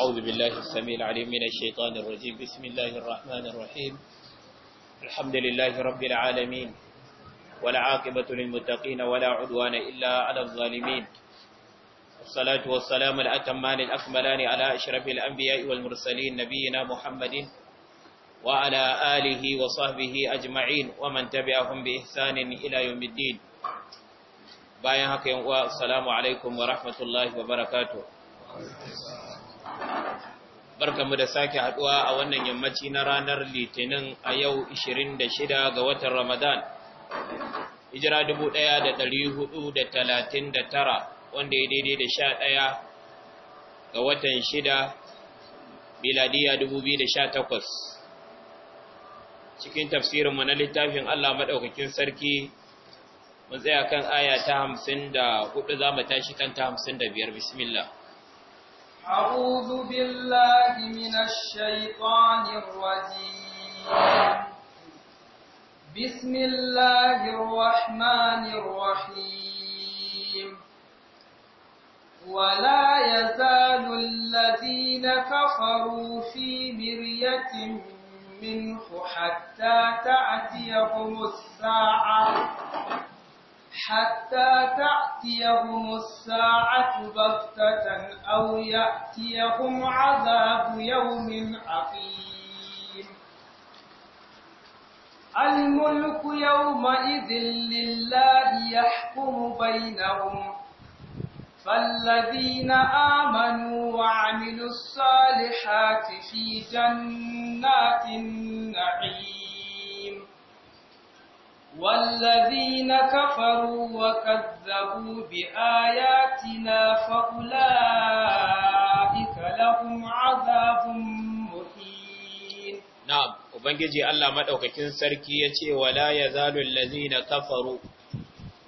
أعوذ بالله السميع العليم من الشيطان الرجيم بسم الله الرحمن الرحيم الحمد لله رب العالمين ولا عاقبة للمتقين ولا عدوان إلا على الظالمين الصلاة والسلام الأتمان الأكملان على أشرف الأنبياء والمرسلين نبينا محمد وعلى آله وصحبه أجمعين ومن تبعهم بإحسان إلى يوم الدين بايا حكيم السلام عليكم ورحمة الله وبركاته barkamu da sake haduwa a wannan yammaci na ranar litinin a yau 26 ga watan ramadan hijira 1439 wanda ya daidai da 11 ga watan 6 biladiya 2018 cikin tafsirinmu na littafin allah maɗaukakin sarki mun tsaya kan aya ta 54 za mu tashi kan ta 55 bismillah أعوذ بالله من الشيطان الرجيم بسم الله الرحمن الرحيم ولا يزال الذين كفروا في مرية منه حتى تأتيهم الساعة حتى تأتيهم الساعة بغتة أو يأتيهم عذاب يوم عقيم الملك يومئذ لله يحكم بينهم فالذين آمنوا وعملوا الصالحات في جنات النعيم والذين كفروا وكذبوا بآياتنا فأولئك لهم عذاب مهين نعم ubangiji Allah madaukakin sarki yace wala yazalul na kafaru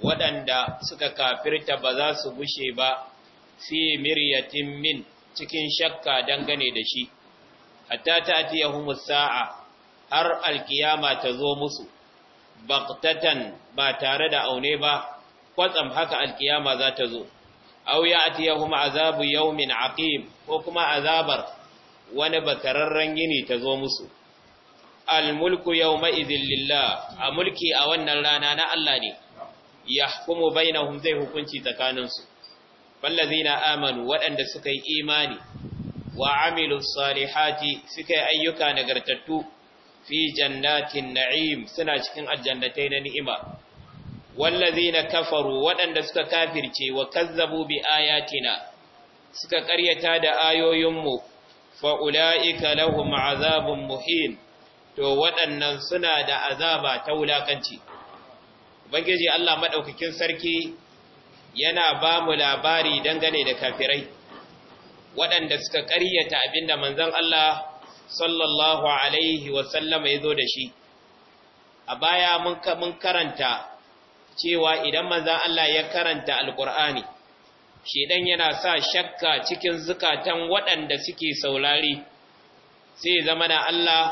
waɗanda suka kafirta ba za su bushe ba fi miryatin min cikin shakka dangane da shi hatta ta atiyahumus sa'a har alkiyama ta zo musu bagtatan ba tare da aune ba kwatsam haka alkiyama za ta zo aw ya'tiyahum azabu yawmin aqim ko kuma azabar wani bakararren yini ta zo musu almulku yawma idhil lillah a mulki a wannan rana na Allah ne yahkumu bainahum zai hukunci tsakaninsu fallazina amanu waɗanda suka yi imani wa amilus salihati suka yi ayyuka nagartattu fi jannatin na'im suna cikin aljannatai na ni'ima na kafaru waɗanda suka kafirce wa kazzabu bi ayatina suka ƙaryata da ayoyinmu fa ulaika lahum azabun muhin to waɗannan suna da azaba ta wulakanci ubangiji Allah madaukakin sarki yana ba mu labari dangane da kafirai waɗanda suka ƙaryata abinda manzon Allah sallallahu alaihi wasallama ya zo da shi a baya mun karanta cewa idan manzan Allah ya karanta alkur'ani shedan yana sa shakka cikin zukatan waɗanda suke saurare sai zama na Allah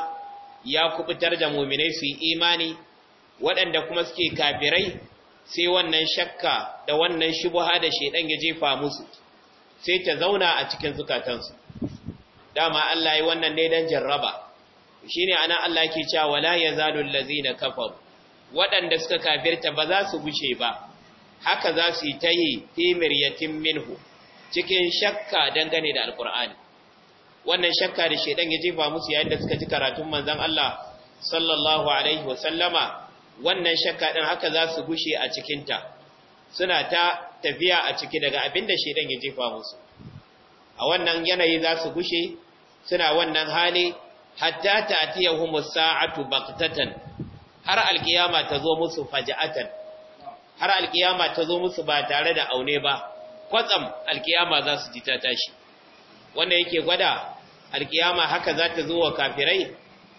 ya kubutar da muminai su imani waɗanda kuma suke kafirai sai wannan shakka da wannan shubuha da shedan ya jefa musu sai ta zauna a cikin zukatansu dama Allah yi wannan ne don jarraba Shi ne ana Allah ke cewa wala ya lazi ladzina kafaru waɗanda suka kafirta ba za su guce ba haka za su yi ta tayi ya miryatin minhu cikin shakka dangane da alkur'ani wannan shakka da shaidan ya jefa musu yayin da suka ji karatun manzon Allah sallallahu alaihi wa sallama wannan shakka ɗin haka za su gushe a cikinta, suna ta tafiya a ciki daga abinda shaidan ya jefa musu a wannan yanayi za su gushe suna wannan hali hatta ta'tiyahum as-sa'atu baqtatan har alkiyama ta zo musu faja'atan har alkiyama ta zo musu ba tare da aune ba kwatsam alkiyama za su ji ta tashi wannan yake gwada alkiyama haka za ta zo wa kafirai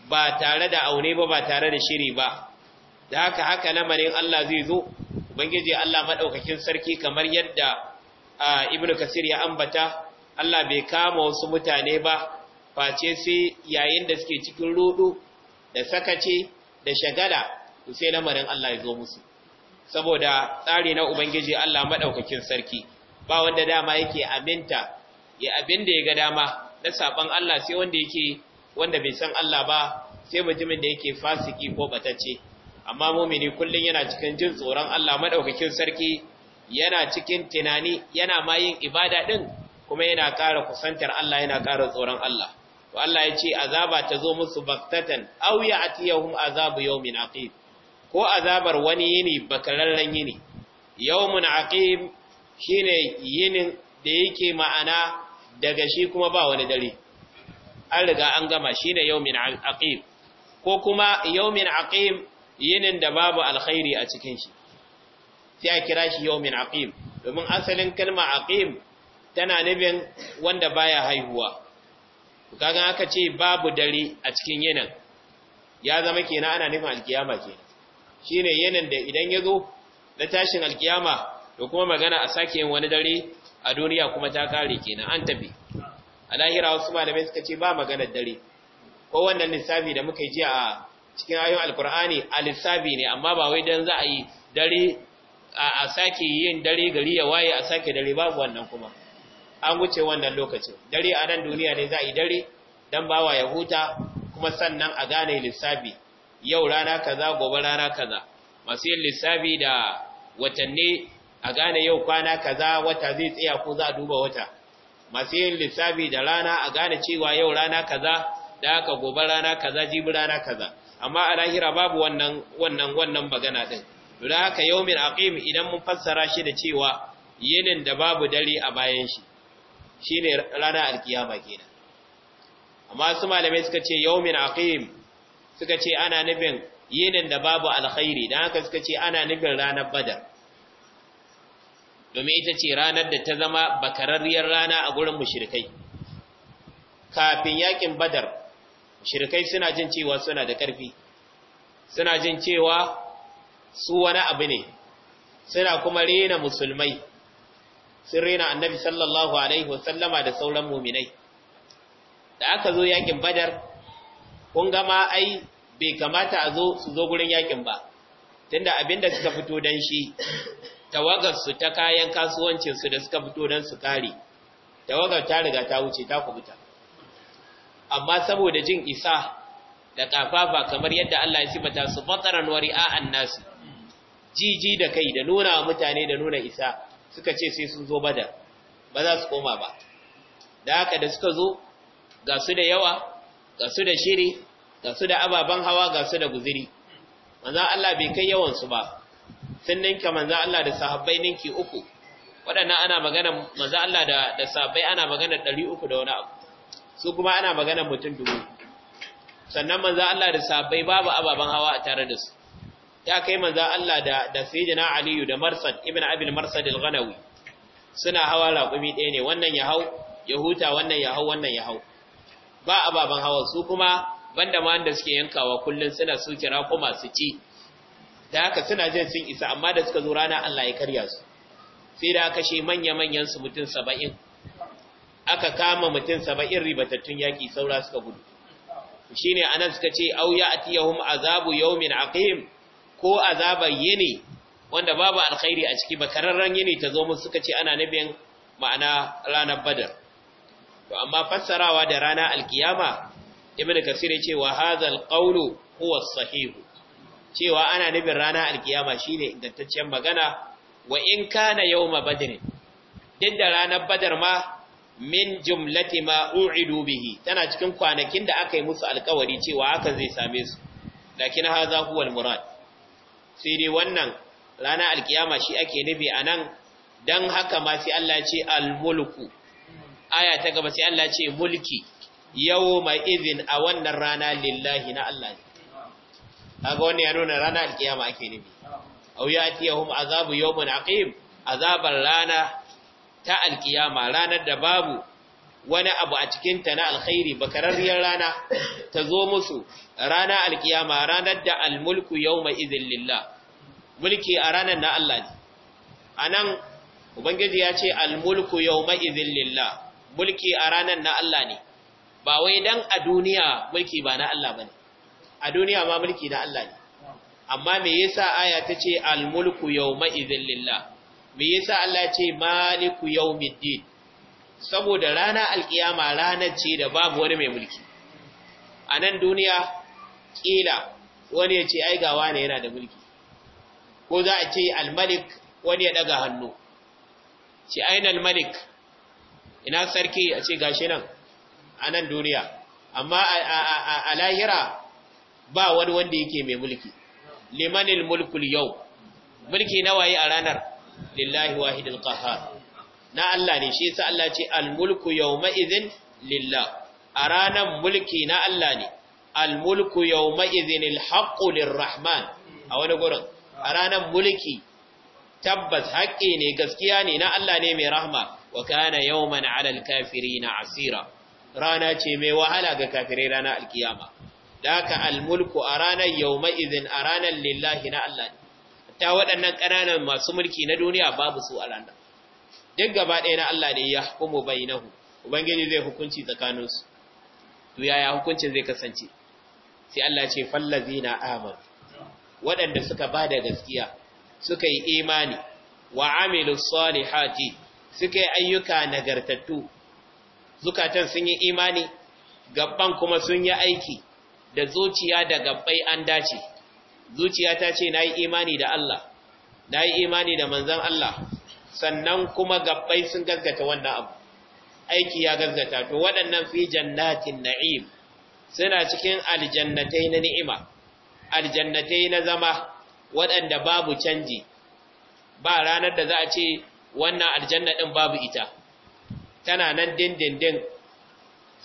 ba tare da aune ba ba tare da shiri ba da haka haka lamarin Allah zai zo ubangiji Allah madaukakin sarki kamar yadda ibnu kasir ya ambata Allah bai kama wasu mutane ba face sai yayin da suke cikin rudu da sakace da shagala to sai lamarin Allah ya zo musu saboda tsari na ubangiji Allah madaukakin sarki ba wanda dama yake aminta ya abin da ya ga dama na saban Allah sai wanda yake wanda bai san Allah ba sai mutumin da yake fasiki ko batacce amma mumini kullun yana cikin jin tsoron Allah maɗaukakin sarki yana cikin tunani yana ma yin ibada din kuma yana ƙara kusantar Allah yana ƙara tsoron Allah to Allah ya ce azaba ta zo musu baktatan aw ya'tiyahum azabu yawmin aqib ko azabar wani yini bakararren yini yawmun aqib shine yinin da yake ma'ana daga shi kuma ba wani dare an riga an gama shine yawmin aqib ko kuma yawmin aqim yinin da babu alkhairi a cikin shi sai a kira shi yawmin aqim domin asalin kalma aqim tana nufin wanda baya haihuwa kaga aka ce babu dare a cikin yinin ya zama kenan ana nufin alkiyama kenan shine yinin da idan ya zo na tashin alkiyama to kuma magana a sake yin wani dare a duniya kuma ta kare kenan an tafi a lahira wasu malamai suka ce ba magana dare ko wannan lissafi da muka ji a cikin ayoyin alkur'ani a lissafi ne amma ba wai dan za a yi dare a sake yin dare gari ya waye a sake dare babu wannan kuma an wuce wannan lokacin dare a nan duniya ne za a yi dare dan bawa ya huta kuma sannan a gane lissafi yau rana kaza gobe rana kaza masu yin lissafi da watanni a gane yau kwana kaza wata zai tsaya ko za a duba wata masu yin lissafi da rana a gane cewa yau rana kaza da aka gobe rana kaza jibi rana kaza amma a lahira babu wannan wannan wannan magana din don haka yaumin aqim idan mun fassara shi da cewa yinin da babu dare a bayan shi shine ranar alkiyama kenan amma su malamai suka ce yaumin aqim suka ce ana nufin yinin da babu alkhairi dan haka suka ce ana nufin ranar badar domin ita ce ranar da ta zama bakararriyar rana a gurin mushrikai kafin yakin badar mushrikai suna jin cewa suna da karfi suna jin cewa su wani abu ne suna kuma rena musulmai sun rena annabi sallallahu alaihi wasallama da sauran muminai da aka zo yakin badar kun gama ai bai kamata a zo su zo gurin yakin ba tunda abinda suka fito dan shi tawagar su ta kayan kasuwancin su da suka fito dan su kare tawagar ta riga ta wuce ta kubuta amma saboda jin isa da kafafa kamar yadda Allah ya sifata su fataran wari'a annasi jiji da kai da nuna mutane da nuna isa suka ce sai sun zo badar ba za su koma ba da haka da suka zo ga su da yawa ga su da shiri ga su da ababen hawa ga su da guziri manzan Allah bai kai yawansu ba sun ninka manzan Allah da sahabbai ninki uku waɗannan ana magana manzan Allah da, da sahabbai ana magana ɗari uku da wani abu su kuma ana magana mutum dubu sannan manzan Allah da sahabbai babu ababen hawa a tare da su ta kai manzan Allah da da sayyidina Aliyu da Marsad ibn Abi Marsad al-Ghanawi suna hawa raƙumi ɗaya ne wannan ya hau ya huta wannan ya hau wannan ya hau ba ababan hawa su kuma banda ma wanda suke yankawa kullun suna su kira ko masu ci da haka suna jin sun isa amma da suka zo rana Allah ya karya su sai da kashe manya-manyan su mutum saba'in aka kama mutum saba'in ribatattun yaki saura suka gudu shine anan suka ce auya atiyahum azabu yawmin aqim ko azaba yini wanda babu alkhairi a ciki bakararren yini ta zo mun suka ce ana nabin ma'ana ranar badar to amma fassarawa da rana alkiyama ibn kasir yace wa hadha qawlu huwa sahih cewa ana nabin rana alkiyama shine ingantaccen magana wa in kana yawma badr din da ranar badar ma min jumlati ma u'idu bihi tana cikin kwanakin da aka yi musu alkawari cewa haka zai same su lakin hadha huwa murad sai dai wannan rana alkiyama shi ake nufi a nan don haka ma sai Allah ce almulku aya ta gaba sai Allah ce mulki yau mai izin a wannan rana lillahi na Allah ne kaga wannan ya nuna rana alkiyama ake nufi aw yatiyahum azabu yawmin aqim azabar rana ta alkiyama ranar da babu wani abu a cikinta na alkhairi bakararriyar rana ta zo musu rana alkiyama ranar da almulku yau mai izin lillah mulki a ranar na Allah ne a nan ubangiji ya ce almulku yau mai izin lillah mulki a ranar na Allah ne ba wai dan a duniya mulki ba na Allah ba ne a duniya ma mulki na Allah ne amma me yasa aya ta ce almulku yau mai izin lillah me yasa Allah ce maliku yau middin saboda rana alkiyama ranar ce da babu wani mai mulki a nan duniya ƙila wani ya ce ai gawa ne yana da mulki ko za a ce almalik wani ya daga hannu ce ainihin almalik ina sarki a ce gashi nan a nan duniya amma a lahira ba wani wanda yake mai mulki limanil mulkul yau mulki nawaye a ranar lillahi wahidul qahhar na Allah ne shi yasa Allah ce al-mulku yawma idhin lillah a ranan mulki na Allah ne al-mulku yawma idhin al-haqqu lirrahman a wani gurin a ranan mulki tabbas haƙƙi ne gaskiya ne na Allah ne mai rahma wa kana yawman 'alal kafirina asira rana ce mai wahala ga kafirai rana alkiyama daka al-mulku a ranar yawma idhin a ranan lillahi na Allah ne ta waɗannan ƙananan masu mulki na duniya babu su a ranar duk gaba ɗaya na Allah ne ya hukumu nahu? ubangiji zai hukunci tsakaninsu to yaya hukuncin zai kasance sai Allah ce fallazina aman waɗanda suka da gaskiya suka yi imani wa amilu salihati suka yi ayyuka nagartattu zukatan sun yi imani Gaban kuma sun yi aiki da zuciya da gabbai an dace zuciya ta ce nayi imani da Allah nayi imani da manzon Allah sannan kuma gabbai sun gaskata wannan abu aiki ya gaskata to waɗannan fi jannatin na'im suna cikin aljannatai na ni'ima aljannatai na zama waɗanda babu canji ba ranar da za a ce wannan aljanna din babu ita tana nan dindindin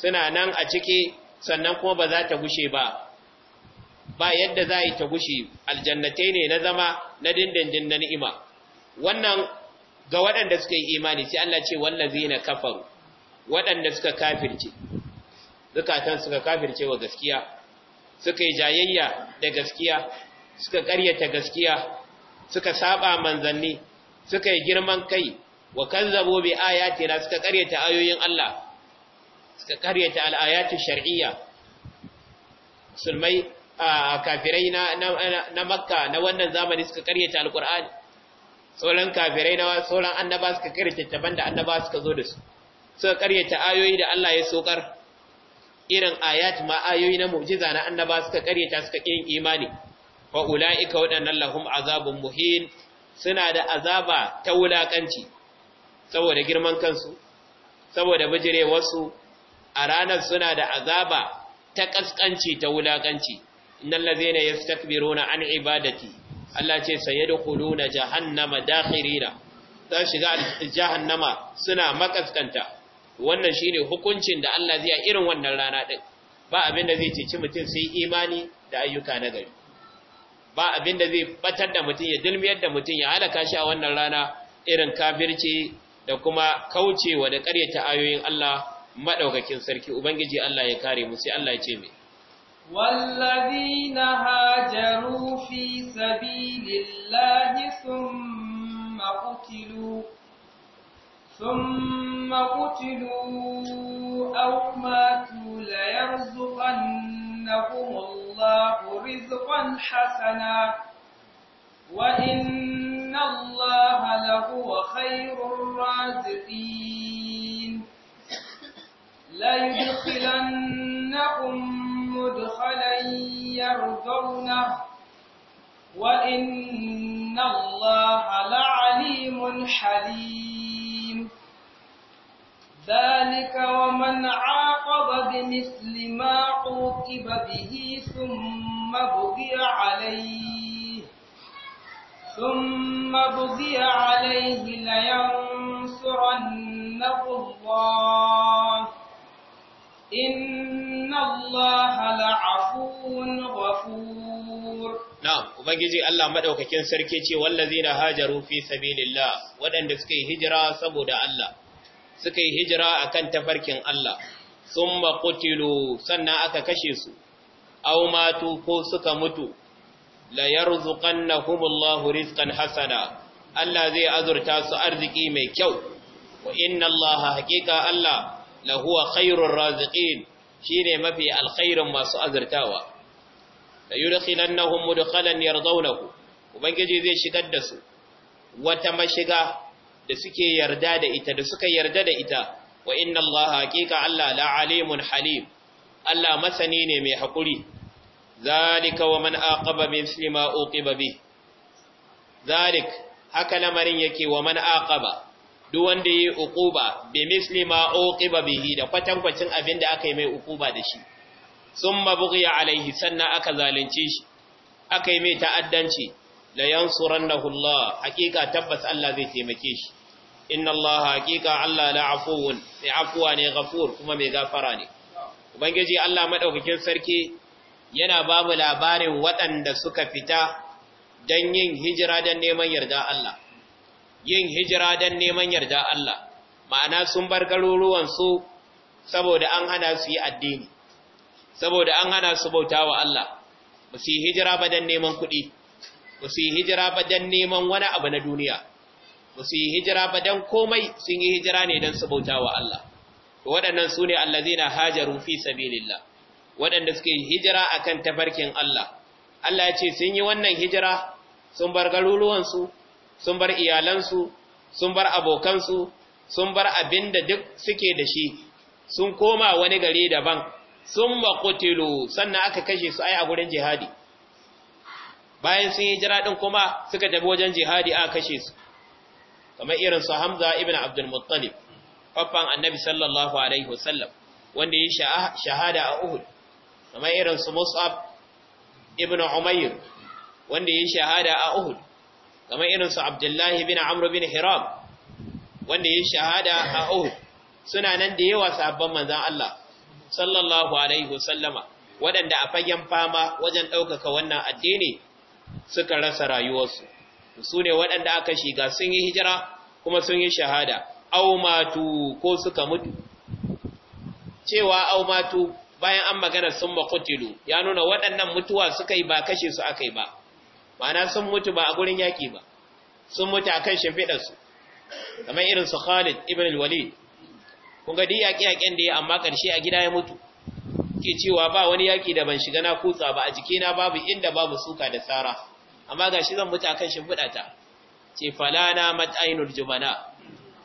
suna nan a ciki sannan kuma ba za ta gushe ba ba yadda za a yi ta gushe aljannatai ne na zama na dindindin na ni'ima wannan ga waɗanda suka yi imani sai Allah ce na kafaru waɗanda suka kafirce zukatan suka kafirce wa gaskiya suka yi jayayya da gaskiya suka ƙaryata gaskiya suka saba manzanni suka yi girman kai wa kazzabo bi ayatina suka ƙaryata ayoyin Allah suka ƙaryata al'ayatu shar'iyya musulmai a kafirai na makka na wannan zamani suka ƙaryata alƙur'ani sauran kafirai na sauran annaba suka karyace taban da annaba suka zo da su suka ta ayoyi da Allah ya sokar irin ayat ma ayoyi na mu'jiza na annaba suka karyata suka kin imani wa ulaika wadannan lahum azabun muhin suna da azaba ta wulakanci saboda girman kansu saboda wasu, a ranar suna da azaba ta kaskanci ta wulakanci innal ladzina yastakbiruna an ibadati Allah ce na jahannama dakhirina za shiga jahannama suna makaskanta wannan shine hukuncin da Allah zai irin wannan rana din ba abin zai ceci mutum sai imani da ayyuka na gari ba abin zai batar da mutum ya dilmiyar da mutum ya halaka shi a wannan rana irin kafirci da kuma kaucewa da ƙaryata ayoyin Allah madaukakin sarki ubangiji Allah ya kare mu sai Allah ya ce mai والذين هاجروا في سبيل الله ثم قتلوا ثم قتلوا أو ماتوا ليرزقنهم الله رزقا حسنا وإن الله لهو خير الرازقين ليدخلنهم مدخلا يرضونه وإن الله لعليم حليم ذلك ومن عاقب بمثل ما عوقب به ثم بغي عليه ثم بغي عليه لينصرنه الله inna Allah la'afun ghafur na'am ubangiji Allah maɗaukakin sarki ce wallazina hajaru fi sabilillah waɗanda suka yi hijira saboda Allah suka yi hijira a kan tafarkin Allah sun maƙutilu sannan aka kashe su au matu ko suka mutu la yarzuqannahumullahu rizqan hasana Allah zai azurta su arziki mai kyau wa inna Allah haqiqa Allah lahuwa khairur shi shine mafi alkhairin masu azurtawa da yudkhilannahum mudkhalan yardawnahu ubangiji zai shigar da su wata mashiga da suke yarda da ita da suka yarda da ita wa inna Allah haqiqa allah la alimun halim allah masani ne mai haƙuri zalika wa man aqaba min slima uqiba bi zalik haka lamarin yake wa man aqaba duk wanda yayi uquba bi misli ma uqiba bihi da kwatankwacin abin da aka yi mai uquba da shi summa bughiya alaihi sannan aka zalunce shi aka yi mai ta'addanci la yansurannahu Allah hakika tabbas Allah zai taimake shi inna Allah hakika Allah la afuwun mai afuwa ne ghafur kuma mai gafara ne ubangiji Allah madaukakin sarki yana ba mu labarin waɗanda suka fita dan yin hijira don neman yarda Allah yin hijira don neman yarda Allah ma'ana sun bar garuruwansu saboda an hana su yi addini saboda an hana su bauta wa Allah ba su yi hijira ba don neman kuɗi ba su yi hijira ba don neman wani abu na duniya ba su yi hijira ba don komai sun yi hijira ne don su bauta wa Allah waɗannan su ne na hajaru fi sabilillah waɗanda suke hijira akan tafarkin Allah Allah ya ce sun yi wannan hijira sun bar garuruwansu sun bar iyalansu sun bar abokansu sun bar abinda duk suke da shi sun koma wani gari daban sun makutilu sannan aka kashe su ai a gurin jihadi bayan sun yi jira kuma suka tafi wajen jihadi aka kashe su kamar irin su hamza ibn abdul muttalib faffan annabi sallallahu alaihi wasallam wanda yi shahada a uhud kamar irin su mus'ab ibn umayr wanda yi shahada a uhud kamar irin su Abdullahi bin amru bin Hiram wanda ya shahada a Uhud suna nan da yawa sabon manzan Allah sallallahu alaihi wasallama waɗanda a fagen fama wajen ɗaukaka wannan addini suka rasa rayuwarsu su ne waɗanda aka shiga sun yi hijira kuma sun yi shahada aumatu ko suka mutu cewa aumatu bayan an magana sun makutilu ya nuna waɗannan mutuwa suka yi ba kashe su aka yi ba ma'ana sun mutu ba a gurin yaƙi ba sun mutu a kan shimfiɗarsu kamar irin su khalid ibn al-walid kun ga duk yaƙi-yaƙen da ya amma ƙarshe a gida ya mutu ke cewa ba wani yaƙi da ban shiga na kutsa ba a jikina babu inda babu suka da tsara amma ga shi zan mutu a kan shimfiɗata ce falana mat'ainul jumana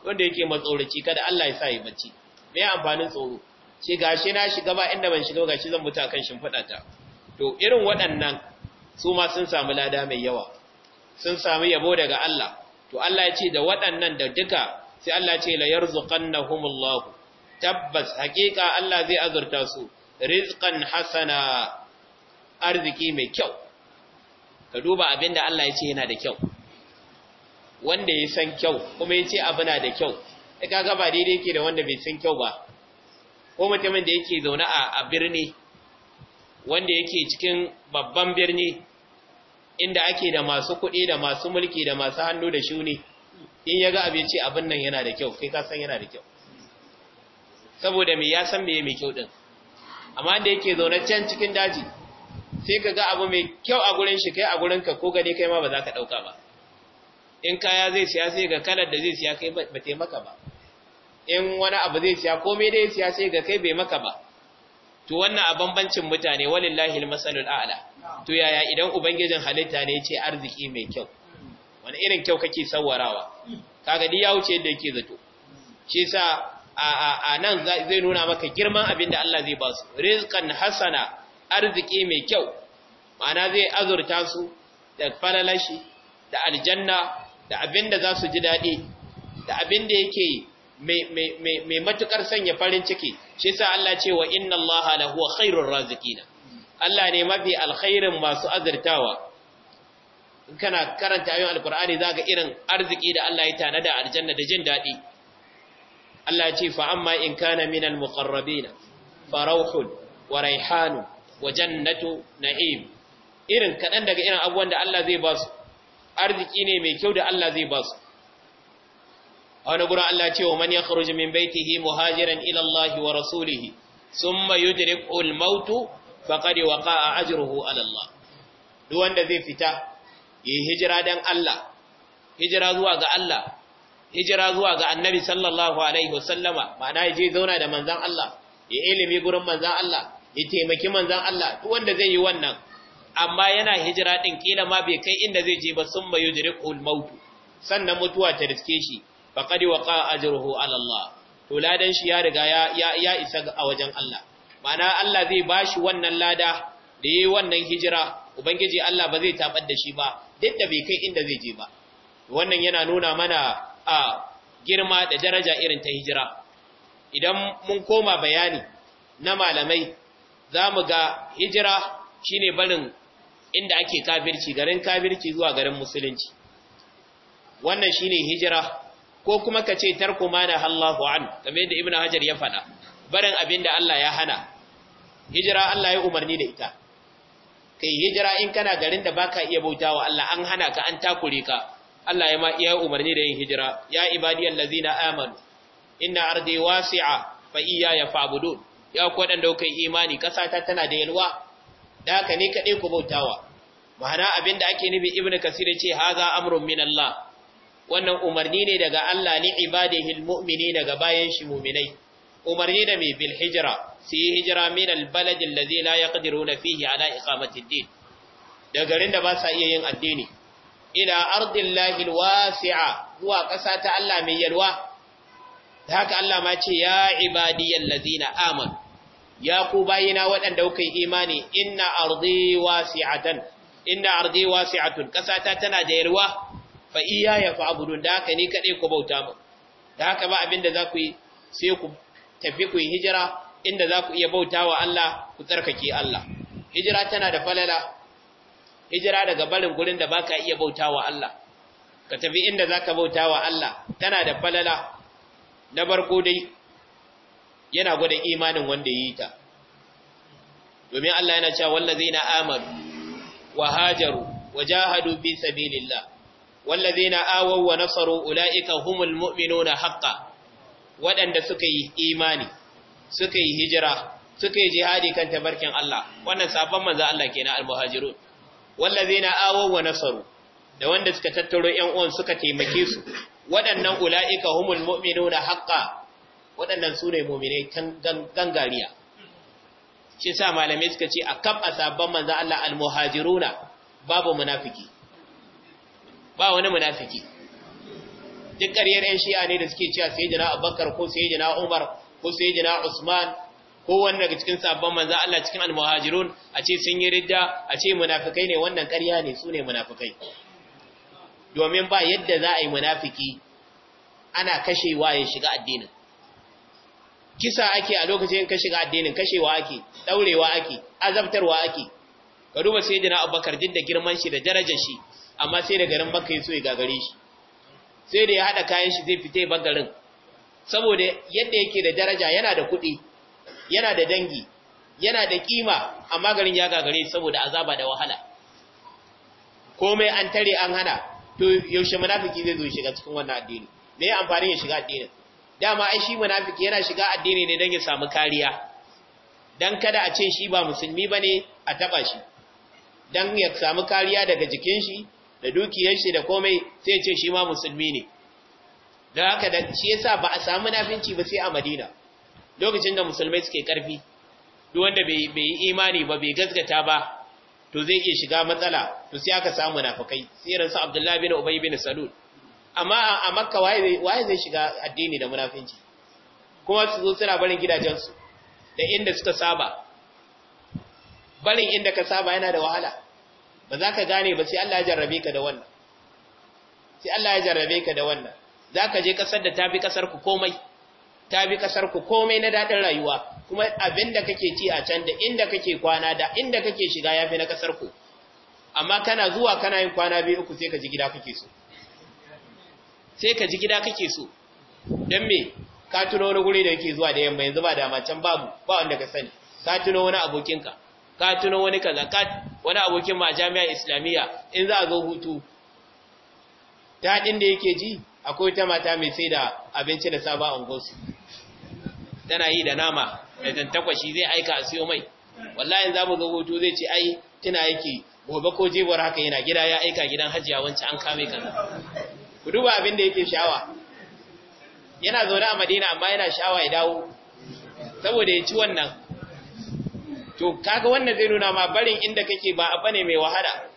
wanda yake matsoraci kada Allah ya sa ya bacci me amfanin tsoro ce gashi na shiga ba inda ban shiga gashi zan mutu a kan shimfiɗata to irin waɗannan su ma sun samu lada mai yawa sun samu yabo daga Allah to Allah ya ce da waɗannan da duka sai Allah ce la yarzuqannahumullahu tabbas haƙiƙa Allah zai azurta su rizqan hasana arziki mai kyau ka duba abinda Allah ya ce yana da kyau wanda ya san kyau kuma ya ce abu na da kyau da kaga ba daidai yake da wanda bai san kyau ba ko mutumin da yake zaune a birni wanda yake cikin babban birni inda ake da masu kuɗi da masu mulki da masu hannu da shuni in ya ga abin ce abin nan yana da kyau kai ka san yana da kyau saboda me ya san me mai kyau ɗin, amma da yake zaune can cikin daji sai ka ga abu mai kyau a gurin shi kai a gurin ka ko gani kai ma ba za ka ɗauka ba in kaya zai siya sai ga kalar da zai siya kai ba taimaka ba in wani abu zai siya komai dai siya sai ga kai bai maka ba to wannan a bambancin mutane walillahi almasalul a'la to yaya idan ubangijin halitta ne ce arziki mai kyau wani irin kyau kake sawarawa kaga dai ya wuce yadda yake zato shi sa a nan zai nuna maka girman abin da Allah zai ba su rizqan hasana arziki mai kyau ma'ana zai azurta su da falalashi da aljanna da abin da za su ji daɗi da abin da yake mai matuƙar sanya farin ciki shi yasa Allah ce wa inna Allah la huwa khairur raziqina Allah ne mafi alkhairin masu azurtawa in kana karanta ayoyin alqur'ani zaka irin arziki da Allah ya tanada aljanna da jin dadi Allah ya ce fa amma in kana minal muqarrabina farauhun wa raihanu wa jannatu na'im irin kadan daga irin abubuwan da Allah zai ba su arziki ne mai kyau da Allah zai ba su a wani gurin Allah ce wa man yakhruju min baitihi muhajiran ila Allah wa rasulihi summa yudriku al-maut faqad waqa'a ajruhu ala Allah duk wanda zai fita yi hijira dan Allah hijira zuwa ga Allah hijira zuwa ga Annabi sallallahu alaihi wasallama ma'ana yaje zauna da manzon Allah ya ilimi gurin manzon Allah ya taimaki manzon Allah duk wanda zai yi wannan amma yana hijira din kila ma bai kai inda zai je ba summa yudriku al-maut sannan mutuwa ta riske shi faqad waqa ajruhu ala Allah to ladan shi ya riga ya isa a wajen Allah Mana Allah zai bashi wannan lada da yi wannan hijira ubangiji Allah ba zai taɓar da shi ba duk da bai kai inda zai je ba wannan yana nuna mana a girma da daraja irin ta hijira idan mun koma bayani na malamai za mu ga hijira shine barin inda ake kafirci garin kafirci zuwa garin musulunci wannan shine hijira ko kuma ka ce tarku ma na Allahu an kamar yadda Ibn Hajar ya faɗa barin abin da Allah ya hana hijira Allah ya umarni da ita kai hijira in kana garin da baka iya bautawa Allah an hana ka an takure ka Allah ya ma iya umarni da yin hijira ya ibadiyal lazina amanu inna ardi wasi'a fa iyaya fa'budun ya ku wadanda kuka imani kasa ta tana da yalwa da haka ne kadai ku bautawa ma'ana abinda ake nufi ibnu kasir ya ce haza amrun min Allah wannan umarni ne daga Allah ni ibadihil mu'mini daga bayan shi mu'minai umarni da mai bil hijra su yi hijira min albalad allazi la nafihi fihi ala iqamati din da garin da ba sa iya yin addini ila ardillahi alwasi'a zuwa ƙasa ta Allah mai yalwa da haka Allah ma ce ya ibadiyal ladina amanu ya ku bayina waɗanda kuka imani inna ardi wasi'atan inna ardi wasi'atun ƙasa tana da yalwa fa iyaya abudun da haka ni kadai ku bauta mu da haka ba abinda za ku yi sai ku tafi ku yi hijira inda za ku iya bautawa Allah ku tsarkake Allah hijira tana da falala hijira daga barin gurin da baka iya bautawa Allah ka tafi inda zaka bautawa Allah tana da falala na barko dai yana gwada imanin wanda yi ta domin Allah yana cewa wallazina amanu wa hajaru wa jahadu bi sabilillah wallazina awaw wa nasaru ulaika humul mu'minuna haqqan waɗanda suka yi imani suka yi hijira suka yi jihadi kan tabarkin Allah wannan sabon manzo Allah kenan al-muhajirun wallazina awaw wa nasaru da wanda suka tattaro ƴan uwan suka taimake su waɗannan ulaika humul mu'minuna haqqan waɗannan sune mu'minai gangariya shi sa malamai suka ce a kaf a sabon manzo Allah al-muhajiruna babu munafiki ba wani munafiki duk ƙaryar 'yan shi'a ne da suke cewa sai jina abubakar ko sai jina umar ko sai jina usman ko wani daga cikin sabon manzan Allah cikin almuhajirun a ce sun yi ridda a ce munafikai ne wannan ƙarya ne su ne munafikai domin ba yadda za a yi munafiki ana kashewa ya shiga addinin kisa ake a lokacin ka shiga addinin kashewa ake daurewa ake azabtarwa ake ka duba sayyidina abubakar duk da girman shi da darajar shi amma sai da garin baka yi so ya gagare shi sai da ya haɗa kayan shi zai fita ban saboda yadda yake da daraja yana da kuɗi yana da dangi yana da kima amma garin ya gagare saboda azaba da wahala komai an tare an hana to yaushe munafiki zai zo shiga cikin wannan addini me ya amfani ya shiga addinin dama ai shi munafiki yana shiga addini ne don ya samu kariya dan kada a ce shi ba musulmi ba ne a taba shi dan ya samu kariya daga jikin shi da dukiyar shi da komai sai ce shi ma musulmi ne don haka da shi yasa ba a samu nafinci ba sai a madina lokacin da musulmai suke karfi duk wanda bai yi imani ba bai gazgata ba to zai iya shiga matsala to sai aka samu nafakai sirar su abdullahi bin ubay bin salul amma a makka waye waye zai shiga addini da munafinci kuma su zo suna barin gidajensu da inda suka saba barin inda ka saba yana da wahala ba za ka gane ba sai Allah ya jarrabe ka da wannan sai Allah ya jarrabe ka da wannan za ka je ƙasar da ta bi ƙasar ku komai ta ku komai na daɗin rayuwa kuma abin da kake ci a can da inda kake kwana da inda kake shiga ya fi na ƙasar ku amma kana zuwa kana yin kwana biyu uku sai ka ji gida kake so sai ka ji gida kake so don me ka tuno wani guri da yake zuwa da yamma yanzu ba dama can babu ba wanda ka sani ka tuno wani abokinka ka tuno wani kaza ka wani abokin ma jami'a islamiyya in za a zo hutu daɗin da yake ji akwai ta mata mai sai da abinci da saba a ungosu tana yi da nama da tantakwashi zai aika a siyo mai wallahi za mu zo hutu zai ce ai tuna yake gobe ko jebuwar haka yana gida ya aika gidan hajiya wancan an kame kaza ku duba abin da yake sha'awa yana zaune a madina amma yana sha'awa ya dawo saboda ya ci wannan to kaga wannan zai nuna ma barin inda kake ba abu ne mai wahala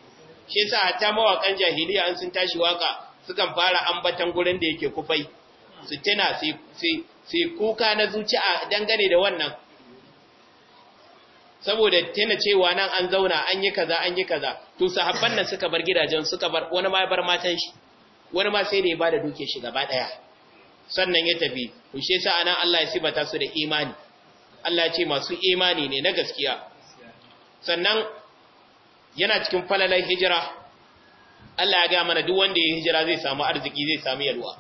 shi yasa hatta mawakan jahiliya an sun tashi waka sukan fara ambatan gurin da yake kufai su tana sai kuka na zuciya dangane da wannan saboda tana cewa nan an zauna an yi kaza an yi kaza to sahabban nan suka bar gidajen suka bar wani ma ya bar matan shi wani ma sai da ya bada duke shi gaba daya sannan ya tafi to shi yasa anan Allah ya sibata su da imani Allah ce masu imani ne na gaskiya sannan yana cikin falalar hijira Allah ya ga mana duk wanda ya hijira zai samu arziki zai samu yalwa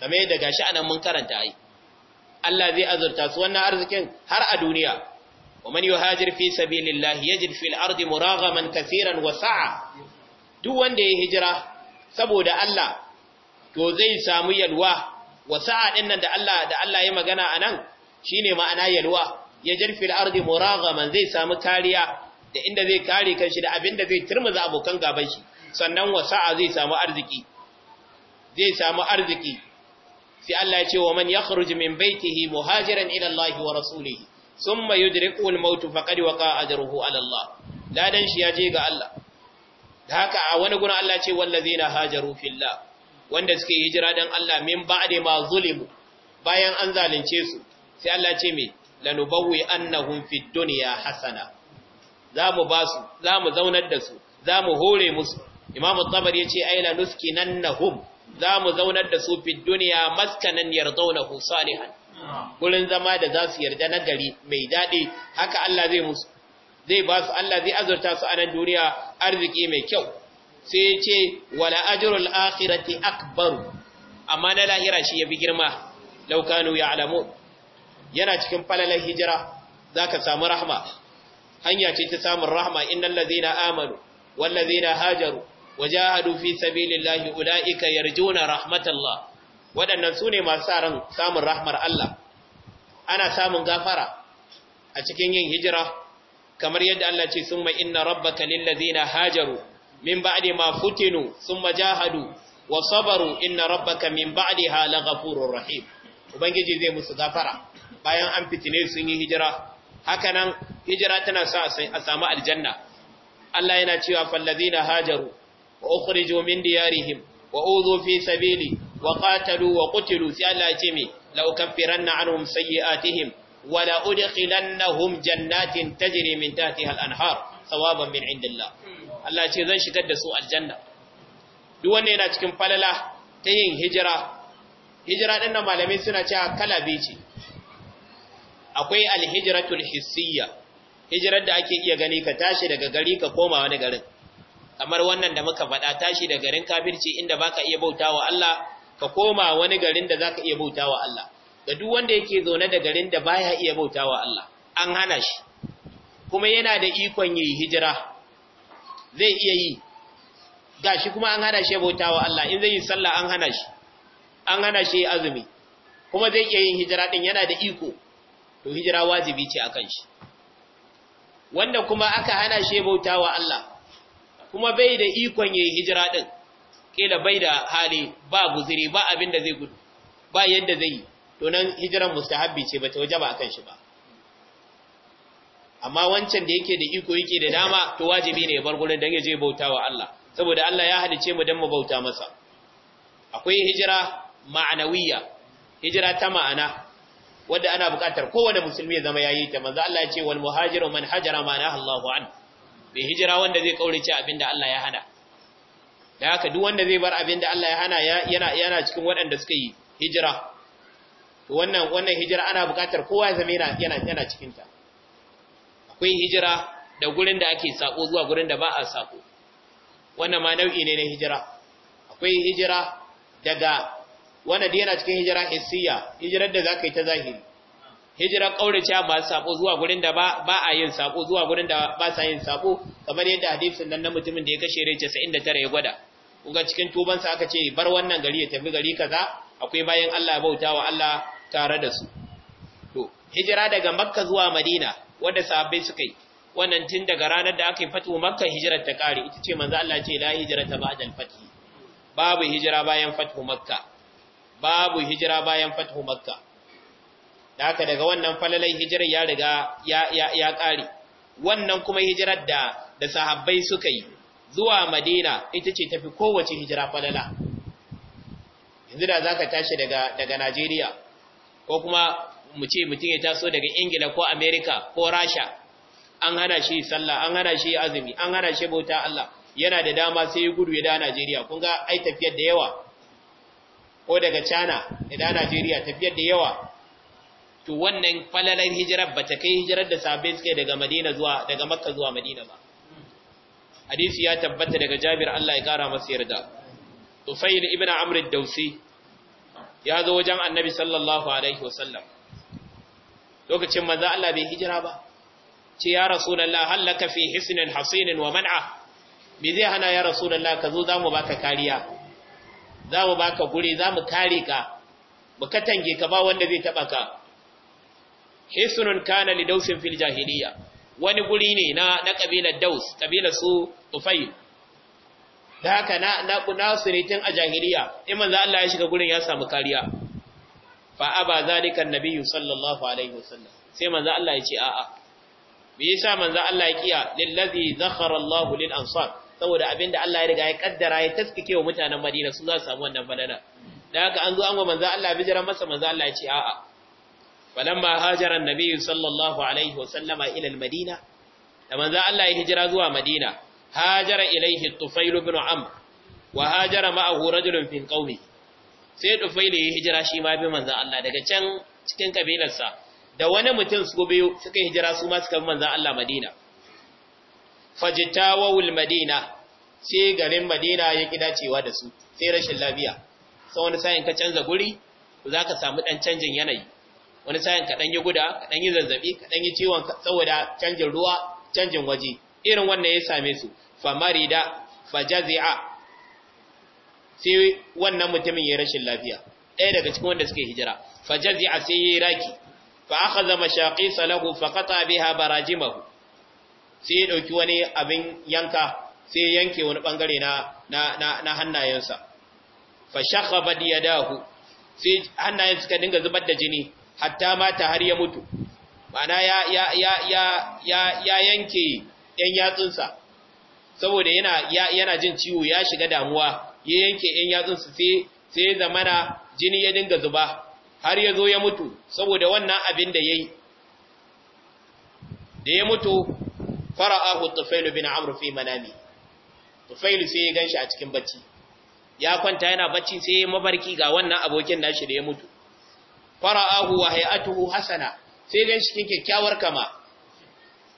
kamar yadda gashi anan mun karanta ai Allah zai azurta su wannan arzikin har a duniya wa man yuhajir fi sabilillahi yajid fil ardi muragaman kaseeran wa sa'a duk wanda ya hijira saboda Allah to zai samu yalwa wa sa'a din nan da Allah da Allah ya magana anan shine ma'ana yalwa ya jarfil ardi muragaman zai samu kariya da inda zai kare kanshi da abinda zai turmuza abokan gaban shi sannan wasa'a zai samu arziki zai samu arziki sai Allah ya ce wa man yakhruj min baitihi muhajiran ila Allah wa rasulihi thumma yudriku al-maut faqad waqa ajruhu ala Allah ladan shi ya je ga Allah da haka a wani gurin Allah ce wallazina hajaru fillah wanda suke hijira dan Allah min ba'de ma zulimu bayan an zalunce su sai Allah ce me lanubawwi annahum fid dunya hasana su, za mu zaunar da su mu hore musu imamu nan yace hum, za mu zaunar da su fid dunya maskanan yardawnahu salihan gurin zama da za su yarda na gari mai daɗi haka Allah zai musu zai ba su Allah zai azurta su a nan duniya arziki mai kyau sai ce wala ajrul akhirati akbar amma na lahira shi bi girma law kanu ya'lamu yana cikin falalar hijira zaka samu rahma hanya ce ta samun rahma innal ladina amanu wal ladina hajaru wajahadu fi sabilillahi ulaika yarjuna rahmatallah waɗannan sune masu ran samun rahmar Allah ana samun gafara a cikin yin hijira kamar yadda Allah ce summa inna rabbaka lil ladina hajaru min ba'di ma futinu summa jahadu wa sabaru inna rabbaka min ba'diha laghafurur rahim ubangiji zai musu gafara bayan an fitine sun yi hijira Hakanan hijira tana sa a samu aljanna Allah yana cewa fallazina hajaru wa ukhrijo min diyarihim wa udhu fi sabili wa qatalu wa qutilu sai Allah ya ce mi la ukaffiranna anhum sayyi'atihim wa la udkhilannahum jannatin tajri min tahtiha al-anhar thawaban min indillah Allah ya ce zan shigar da su aljanna duk wanda yana cikin falala ta yin hijira hijira din nan malamai suna cewa kala biyu akwai alhijratul hissiyya hijirar da ake iya gani ka tashi daga gari ka koma wani garin kamar wannan da muka faɗa tashi daga garin kafirci inda baka iya bautawa Allah ka koma wani garin da zaka iya bautawa Allah ga duk wanda yake zaune da garin da baya iya bautawa Allah an hana shi kuma yana da ikon yi hijira zai iya yi gashi kuma an hana shi ya bautawa Allah in zai yi sallah an hana shi an hana shi azumi kuma zai iya yin hijira din yana da iko to hijira wajibi ce akan shi wanda kuma aka hana shi bauta wa Allah kuma bai da ikon yayin hijira din kila bai da hali ba guzuri ba abin zai gudu ba yadda zai yi to nan hijiran mustahabbi ce bata wajaba akan shi ba amma wancan da yake da iko yake da dama to wajibi ne ya bar gurin dan ya je bauta Allah saboda Allah ya halice mu dan mu bauta masa akwai hijira ma'anawiyya hijira ta ma'ana wanda ana buƙatar kowane musulmi ya zama yayi ta manzo Allah ya ce wal muhajiru man hajara ma na Allahu an bi hijira wanda zai kaurace abinda Allah ya hana da haka duk wanda zai bar abinda Allah ya hana yana yana cikin waɗanda suka yi hijira wannan wannan hijira ana bukatar kowa ya zama yana yana yana cikin ta akwai hijira da gurin da ake sako zuwa gurin da ba a sako wannan ma nau'i ne na hijira akwai hijira daga wannan da yana cikin hijira hissiya hijirar da za ka yi ta zahiri hijirar kaurace ba sako zuwa gurin da ba a yin sako zuwa gurin da ba sa yin sako kamar yadda hadisin nan na mutumin da ya kashe rai tara ya gwada kuga cikin tubansa aka ce bar wannan gari ya tafi gari kaza akwai bayan Allah bauta wa Allah tare da su to hijira daga makka zuwa madina wanda sahabbai suka yi wannan tun daga ranar da aka yi fatu makka hijirar ta kare ita ce manzo Allah ce la hijrata ba'da al babu hijira bayan fatu makka babu hijira bayan fathu makka haka daga wannan falalai hijirar ya riga ya ya kare wannan kuma hijirar da da sahabbai suka yi zuwa madina ita ce tafi kowace hijira falala yanzu da zaka tashi daga daga Najeriya ko kuma mu ce mutum ya taso daga Ingila ko Amerika ko Rasha. an hana shi sallah an hana shi azumi an hana shi bauta Allah yana da dama sai ya gudu ya da Najeriya kun ga ai tafiyar da yawa ko daga China idan Najeriya tafiyar da yawa to wannan falalan hijirar bata kai hijirar da sahabbai suke daga Madina zuwa daga Makka zuwa Madina ba hadisi ya tabbata daga Jabir Allah ya kara masa yarda Tufayl ibn Amr ad-Dawsi ya zo wajen Annabi sallallahu alaihi wasallam lokacin manzo Allah bai hijira ba ce ya rasulullah halaka fi hisnin hasinin wa man'a me zai hana ya rasulullah ka zo zamu baka kariya za mu baka guri za mu kare ka mu katange ka ba wanda zai taba ka hisnun kana li dausin fil jahiliya wani guri ne na na kabilar daus kabilar su tufayl da haka na na kunasu ne tun a jahiliya in manzo Allah ya shiga gurin ya samu kariya fa aba zalika annabiyyu sallallahu alaihi wasallam sai manzo Allah ya ce a'a me yasa manzo Allah ya kiya lillazi zakhara Allahu lil ansar saboda abin da Allah ya riga ya kaddara ya taskake wa mutanen Madina su za su samu wannan banana da haka an zo an wa manzo Allah bijiran masa manzo Allah ya ce a'a falamma hajara annabi sallallahu alaihi wasallama ila madina da manzo Allah ya hijira zuwa Madina hajara ilaihi Tufailu ibn Amr wa hajara ma'ahu rajulun fi qaumi sai Tufailu ya hijira shi ma bi manzo Allah daga can cikin kabilarsa da wani mutum su biyu suka hijira su ma suka bi manzo Allah Madina fajitawawul madina sai garin madina ya ƙi dacewa da su sai rashin lafiya sai wani sa'in ka canza guri za ka samu ɗan canjin yanayi wani sa'in ka ɗan guda ka ɗan yi zazzaɓi ka ɗan yi ciwon saboda canjin ruwa canjin waje irin wannan ya same su famarida fajazi'a sai wannan mutumin ya rashin lafiya ɗaya daga cikin wanda suke hijira fajazi'a sai ya yi raki fa akhadha mashaqisa salahu fa qata biha barajimahu sai ya ɗauki wani abin yanka sai ya yanke wani ɓangare na hannayensa fa ya yadahu sai hannayen suka dinga zubar da jini hatta mata har ya mutu mana ya ya ya ya yanke yan yatsunsa saboda yana yana jin ciwo ya shiga damuwa ya yanke yan yatsunsa sai sai zamana jini ya dinga zuba har ya zo ya mutu saboda wannan abin da yayi da ya mutu fara'ahu tufailu bin amr fi manami tufailu sai ya ganshi a cikin bacci ya kwanta yana bacci sai ya mabarki ga wannan abokin nashi da ya mutu fara'ahu wa hay'atuhu hasana sai ganshi shi cikin kyakkyawar kama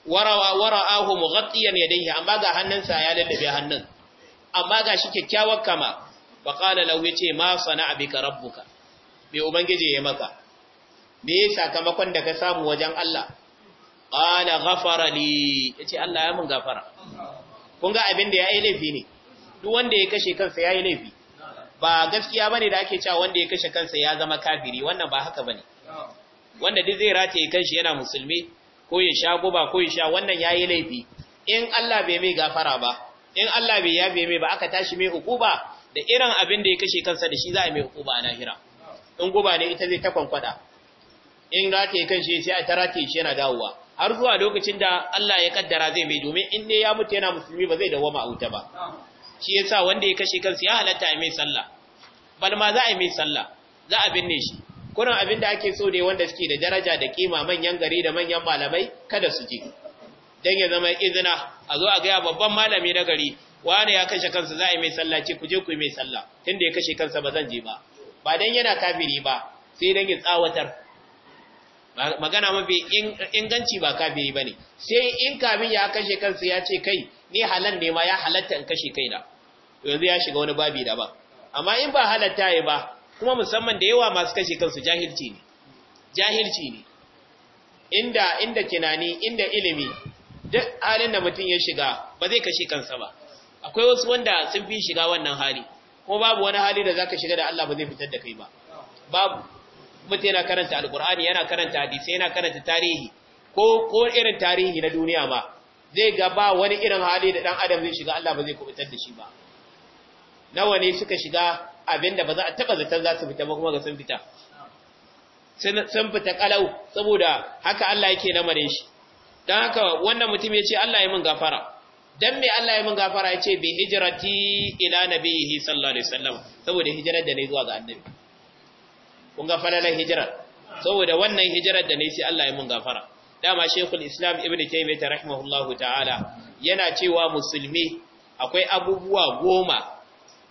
wara'ahu mughattiyan yadayhi amma ga hannunsa ya lallabe hannun amma ga shi kyakkyawar kama wa qala lahu yace ma sana'a bika rabbuka me ubangije ya maka me sakamakon da ka samu wajen Allah ƙala ghafara li ce Allah ya mun gafara kun ga abin da ya yi laifi ne duk wanda ya kashe kansa ya yi laifi ba gaskiya bane da ake cewa wanda ya kashe kansa ya zama kafiri wannan ba haka ba ne. wanda duk zai rataye kanshi yana musulmi ko ya sha guba ko ya sha wannan ya yi laifi in Allah bai mai gafara ba in Allah bai bai mai ba aka tashi mai hukuba da irin abin da ya kashe kansa da shi za a mai hukuba a nahira. in guba ne ita zai ta kwankwada in rataye kanshi sai a ta rataye shi yana dawowa har zuwa lokacin da Allah ya kaddara zai mai domin in ne ya mutu yana musulmi ba zai dawo ma'auta ba shi yasa wanda ya kashe kansa ya halatta a mai sallah Balma za a mai sallah za a binne shi kurin abin da ake so ne wanda suke da daraja da kima manyan gari da manyan malamai kada su je. dan ya zama izina a zo a gaya babban malami na gari wani ya kashe kansa za a yi mai sallah ce ku je ku mai sallah tunda ya kashe kansa ba zan je ba ba dan yana kafiri ba sai dan ya tsawatar magana mafi inganci ba ba ne. sai in kafin ya kashe kansa ya ce kai ni halar ne ma ya halatta in kashe kai na. yanzu ya shiga wani babi da ba amma in ba halatta ya ba kuma musamman da yawa masu kashe kansu jahilci ne jahilci ne inda inda kinani inda ilimi duk halin da mutum ya shiga ba zai kashe kansa ba akwai wasu wanda sun fi shiga wannan hali kuma babu wani hali da zaka shiga da Allah ba zai fitar da kai ba babu mutum yana karanta alkur'ani yana karanta hadisi yana karanta tarihi ko ko irin tarihi na duniya ba zai ga ba wani irin hali da dan adam zai shiga Allah ba zai kubutar da shi ba nawa ne suka shiga abinda ba za a taba zaton za su fita ba kuma ga sun fita sun fita kalau saboda haka Allah yake mare shi dan haka wannan mutum ya ce Allah ya min gafara dan me Allah ya min gafara ya ce bi hijrati ila nabiyhi sallallahu alaihi wasallam saboda hijirar da ne zuwa ga annabi kun ga falalar hijirar saboda wannan hijirar da ne sai Allah ya mun gafara dama shekul islam ibnu ta rahimahullahu ta'ala yana cewa musulmi akwai abubuwa goma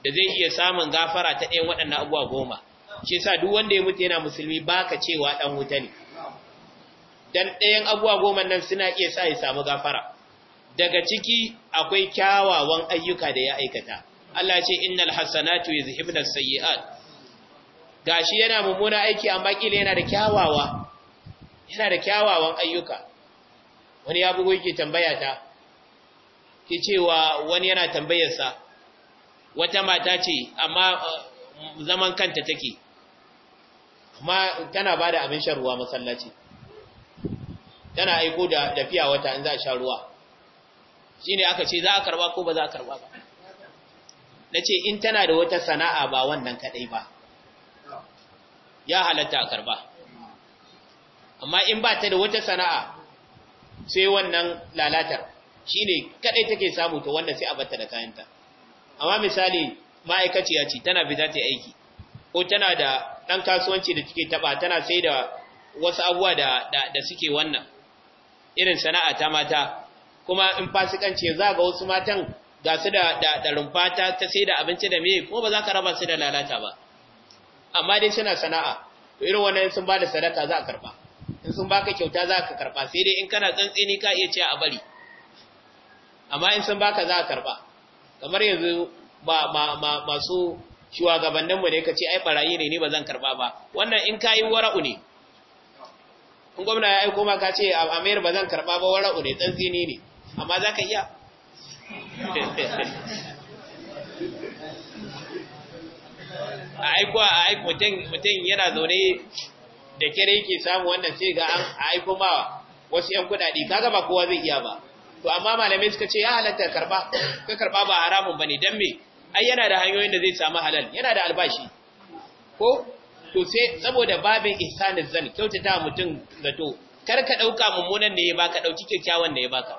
da zai iya samun gafara ta ɗayan waɗannan abubuwa goma shi yasa duk wanda ya mutu yana musulmi baka cewa dan wuta ne dan ɗayan abubuwa goma nan suna iya sa ya samu gafara daga ciki akwai kyawawan ayyuka da ya aikata Allah ya ce innal hasanatu yuzhibnas sayyi'at gashi yana mummuna aiki amma kila yana da kyawawa yana da kyawawan ayyuka wani ya bugu yake tambaya ta ke cewa wani yana tambayarsa wata mata ce amma uh, zaman kanta take amma tana ba da abin shan ruwa masallaci tana aiko da tafiya wata in za a sha ruwa shi ne aka ce za a karba ko ba za a karba ba na ce in tana da wata sana'a ba wannan kadai ba ya halatta a karba amma in ba ta da wata sana'a sai wannan lalatar ne kaɗai take samu ta wanda sai a batta da kayanta amma misali ma'aikaciya ce tana fita za ta aiki ko tana da ɗan kasuwanci da take taɓa, tana sai da wasu abuwa da da suke wannan irin sana'a ta mata kuma in fasikanci za ga wasu matan ga su da da rumfa ta sai da abinci da me kuma ba za ka raba su da lalata ba amma dai suna sana'a to irin wannan sun ba da sadaka za a karba in sun baka kyauta za ka karba sai dai in kana tsantseni ka iya cewa a bari amma in sun baka za a karba kamar yanzu ba masu shugabannin mu ne kace ai barayi ne ni bazan karba ba wannan in kai wara'u ne in gwamna ya aiko ma ka ce a ba bazan karba ba wara'u ne tsantseni ne amma zaka iya a aiko a aiko mutum yana zaune da kere yake samu wannan sai ga an aiko ma wasu yan kuɗaɗe kaga ba kowa zai iya ba to amma malamai suka ce ya halatta karba ka karba ba haramun bane dan me ai yana da hanyoyin da zai samu halal yana da albashi ko to sai saboda babin ihsanin zan kyautata mutum zato kar ka dauka mummunan da ya baka dauki kyakkyawan da ya baka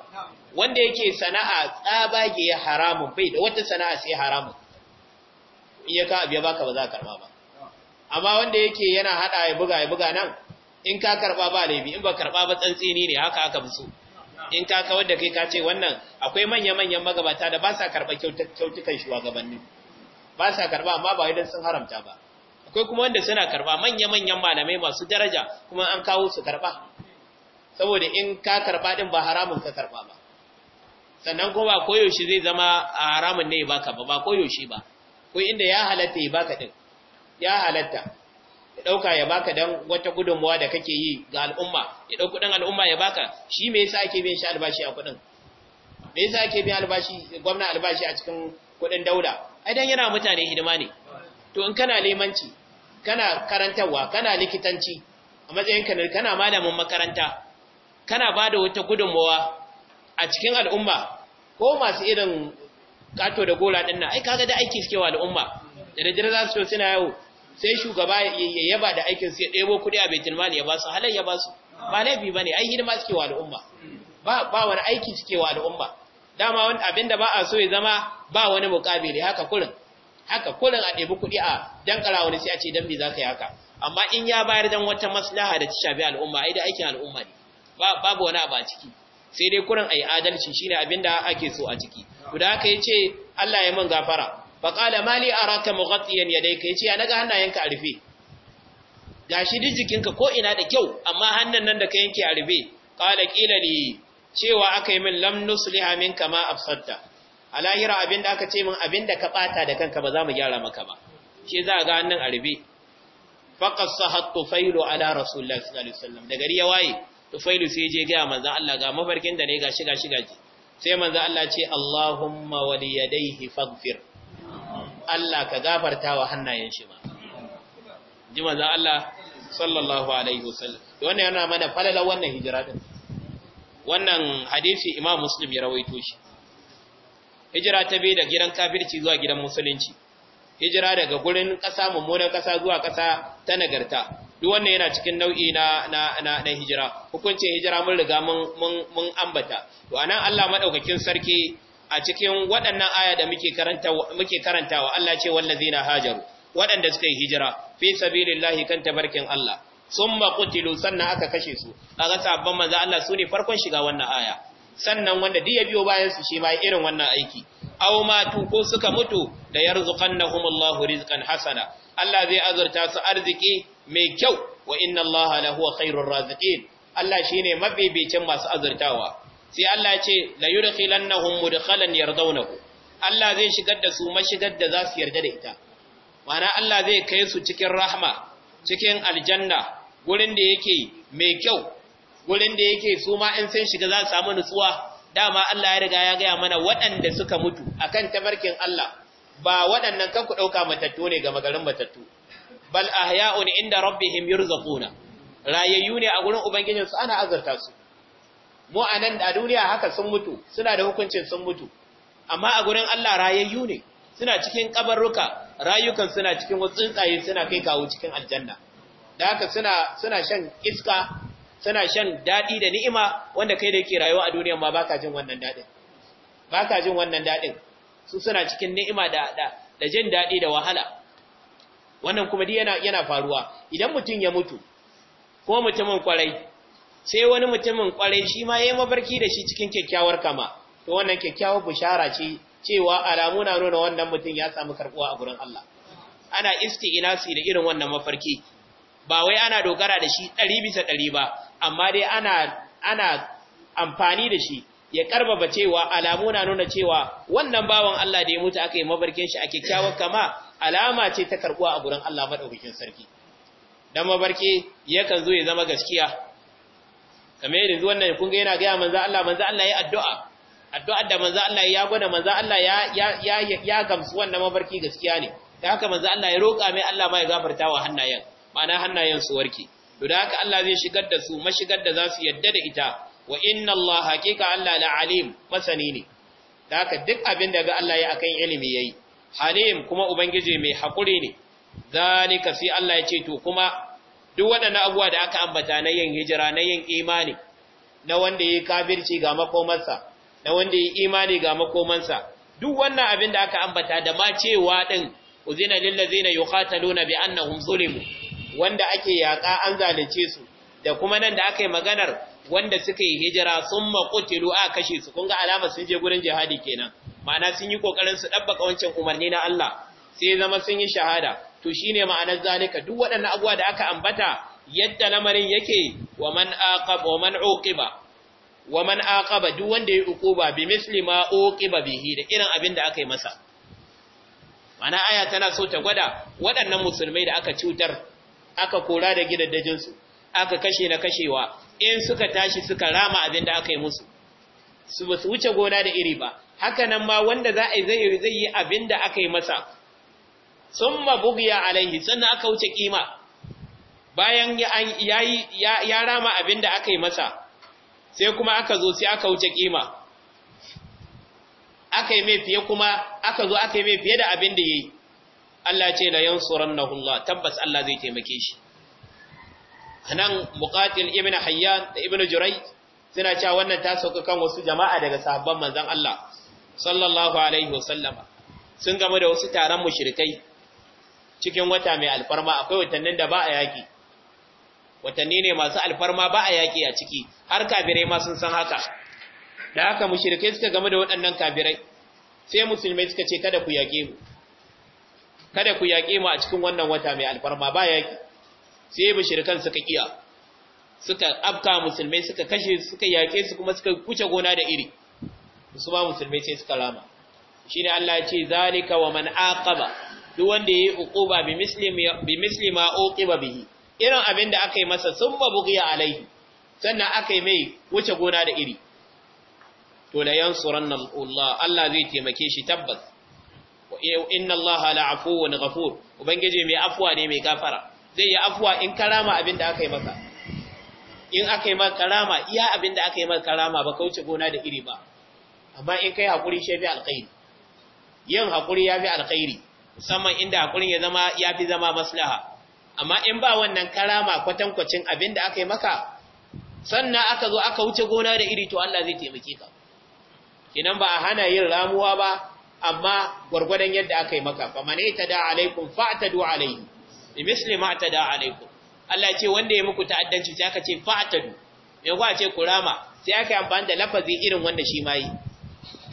wanda yake sana'a tsabage haramun bai da wata sana'a sai haramun in ya ka abu ya baka ba za ka karba ba amma wanda yake yana hada ya buga ya buga nan in ka karba ba laifi in ba karba ba tsantsini ne haka aka bi so in ka kawar da kai ka ce wannan akwai manya-manyan magabata da ba sa karba kyautukan shugabanni ba sa karba amma ba idan sun haramta ba akwai kuma wanda suna karba manya-manyan malamai masu daraja kuma an kawo su karba saboda in ka karba din ba haramun ka karba ba sannan kuma ba koyaushe zai zama haramun ne baka ba ba koyaushe ba ko inda ya halatta ya baka din ya halatta ya dauka ya baka dan wata gudunmuwa da kake yi ga al'umma ya dauki kudin al'umma ya baka shi me yasa ake biyan shi albashi a kudin me yasa ake biyan albashi gwamnati albashi a cikin kudin daula ai dan yana mutane hidima ne to in kana lemanci kana karantarwa kana likitanci a matsayinka ne kana malamin makaranta kana bada wata gudunmuwa a cikin al'umma ko masu irin kato da gola din nan ai kaga da aiki suke wa al'umma da da za su suna yawo sai shugaba ya yaba da aikin sai ya ɗebo kuɗi a baitul mali ya ba su halal ya ba su ba laifi bane ai hidima suke wa al'umma ba ba wani aiki suke wa al'umma dama wani abinda ba a so ya zama ba wani mukabili haka kullun haka kullun a ɗebi kuɗi a dankara wani sai a ce dan za zaka yi haka amma in ya bayar dan wata maslaha da ta shafi al'umma ai da aikin al'umma ne babu wani abu a ciki sai dai kurin ayi adalci shine abin da ake so a ciki to da haka yace Allah ya mun gafara fa qala mali araka mughatiyan yadayka yace ya naga hannayenka a rufe gashi duk jikinka ko ina da kyau amma hannun nan da ka yanke a rufe qala qila li cewa aka yi min lam nusliha minka ma afsadta a lahira da aka ce min abin da ka bata da kanka ba za mu gyara maka ba shi za ga hannun a rufe faqas sahat tufailu ala rasulullahi sallallahu alaihi wasallam da gari ya waye tufailu sai je gaya manzan Allah ga mafarkin da ne ga shiga shiga ji sai manzan Allah ce Allahumma waliyadaihi faghfir Allah ka gafarta wa hannayen shi ma ji manzan Allah sallallahu alaihi wasallam wannan yana mana falalar wannan hijira din wannan hadisi Imam Muslim ya rawaito shi hijira ta bi da gidan kafirci zuwa gidan musulunci hijira daga gurin ƙasa mummunan ƙasa zuwa ƙasa ta nagarta duk wannan yana cikin nau'i na na na, na hijira hukuncin hijira mun riga mun mun ambata to anan Allah madaukakin sarki a cikin waɗannan aya da muke karanta muke karantawa Allah ce wallazina hajaru waɗanda suka yi hijira fi sabilillahi kan tabarkin Allah summa qutilu sannan aka kashe su kaga sabban manzo Allah sune farkon shiga wannan aya sannan wanda duk ya biyo bayan su shi ma irin wannan aiki aw matu ko suka mutu da yarzuqannahumullahu rizqan hasana Allah zai azurta su arziki mai kyau wa inna allaha la huwa khairur raziqin Allah shine mabibicin masu azurtawa sai Allah ce la yudkhilannahum mudkhalan yardawnahu Allah zai shigar da su mashigar da za su yarda da ita ma'ana Allah zai kai su cikin rahma cikin aljanna gurin da yake mai kyau gurin da yake su ma in sun shiga za su samu nutsuwa dama Allah ya riga ya gaya mana waɗanda suka mutu akan tabarkin Allah ba waɗannan kanku ɗauka matattu ne ga magarin matattu bal ahya'un inda rabbihim yurzaquna rayayyu ne a gurin ubangijin su ana azarta su mu anan a duniya haka sun mutu suna da hukuncin sun mutu amma a gurin Allah rayayyu ne suna cikin kabarruka rayukan suna cikin wutsuntsaye, suna kai kawo cikin aljanna dan haka suna suna shan iska suna shan dadi da ni'ima wanda kai da yake rayuwa a duniya ma baka jin wannan dadin baka jin wannan dadin su suna cikin ni'ima da da jin dadi da wahala wannan kuma dai yana yana faruwa idan mutum ya mutu ko mutumin kwarai sai wani mutumin kwarai shi ma yayi mabarki da shi cikin kyakkyawar kama to wannan kyakkyawar bushara ce cewa alamu na nuna wannan mutum ya samu karbuwa a gurin Allah ana isti'inasi da irin wannan mafarki ba wai ana dogara da shi ɗari bisa ɗari ba amma dai ana ana amfani da shi ya karbaba cewa alamu na nuna cewa wannan bawan Allah da ya mutu aka yi mabarkin shi a kyakkyawar kama alama ce ta karbuwa a gurin Allah madaukakin sarki dan mabarki yakan zo ya zama gaskiya kamar yanzu wannan kun ga yana ga manzo Allah manzo Allah ya addu'a Addu'a da manzo Allah ya gwada manzo Allah ya ya ya gamsu wannan mabarki gaskiya ne da haka manzo Allah ya roka mai Allah ma gafarta wa hannayen ma'ana hannayen su warke to da haka Allah zai shigar da su mashigar da zasu su yadda da ita wa inna Allah haqiqa Allah la alim masani ne da haka duk abin da ga Allah ya akan ilimi yayi halim kuma ubangiji mai haƙuri ne zalika sai Allah ya ce to kuma duk waɗannan abuwa da aka ambata na yin hijira na yin imani na wanda yi kafirci ga makomansa na wanda yi imani ga makomansa duk wannan abin da aka ambata da ma cewa din uzina lil ladzina yuqataluna bi annahum zulimu wanda ake yaƙa an zalice su da kuma nan da aka yi maganar wanda suka yi hijira sun makutilu a kashe su kun ga alama sun je gurin jihadi kenan ma'ana sun yi kokarin su dabbaka wancan umarni na Allah sai zama sun yi shahada to shine ma'anar zalika duk waɗannan abubuwa da aka ambata yadda lamarin yake wa man aqaba wa man uqiba wa man aqaba duk wanda ya uquba bi misli ma uqiba bihi da irin abin da aka yi masa mana aya tana so ta gwada waɗannan musulmai da aka cutar aka kora da su aka kashe na kashewa in suka tashi suka rama abin da aka yi musu su ba su wuce gona da iri ba haka nan ma wanda za a zai zai yi abin da aka yi masa sun a alaihi sannan aka wuce kima bayan ya rama abin da aka yi masa sai kuma aka zo sai aka wuce kima aka yi mai fiye kuma aka zo aka yi mai fiye da abin da ya yi Allah ce la Allah tabbas Allah zai taimake shi nan muqatil ibn hayyan da ibn jurai suna cewa wannan ta sauka kan wasu jama'a daga sahabban manzon Allah sallallahu alaihi wasallama sun gamu da wasu taron mushrikai cikin wata mai alfarma akwai watannin da ba a yaki watanni ne masu alfarma ba a yaki a ciki har kafirai ma sun san haka da haka mushrikai suka gamu da waɗannan kafirai sai musulmai suka ce kada ku yaƙe mu kada ku yaƙe mu a cikin wannan wata mai alfarma ba yaƙi sai mushrikan suka kiya suka afka musulmai suka kashe suka yake su kuma suka kuce gona da iri su ba musulmai sai suka rama. shine Allah ya ce zalika wa man aqaba duk wanda yayi uquba bi bi misli uqiba bihi irin abin da aka yi masa summa bughiya alaihi sannan aka yi mai wuce gona da iri to la yansuranna Allah Allah zai taimake shi tabbas inna Allah la'afuwun ghafur ubangije mai afwa ne mai gafara zai yi afuwa in karama abin da aka yi maka in aka yi maka karama iya abin da aka yi maka karama ba kauce gona da iri ba amma in kai hakuri shafi alƙairi, alkhairi yin hakuri ya fi alkhairi musamman inda hakurin ya zama ya fi zama maslaha amma in ba wannan karama kwatankwacin abin da aka yi maka sannan aka zo aka wuce gona da iri to Allah zai taimake ka kinan ba a hana yin ramuwa ba amma gwargwadon yadda aka yi maka fa mane ta da alaikum fa ta du alaihi misli ma ta da alaikum Allah ce wanda ya muku ta'addanci sai aka ce fa'tadu me kuwa ce kurama sai aka yi amfani da lafazi irin wanda shi ma yi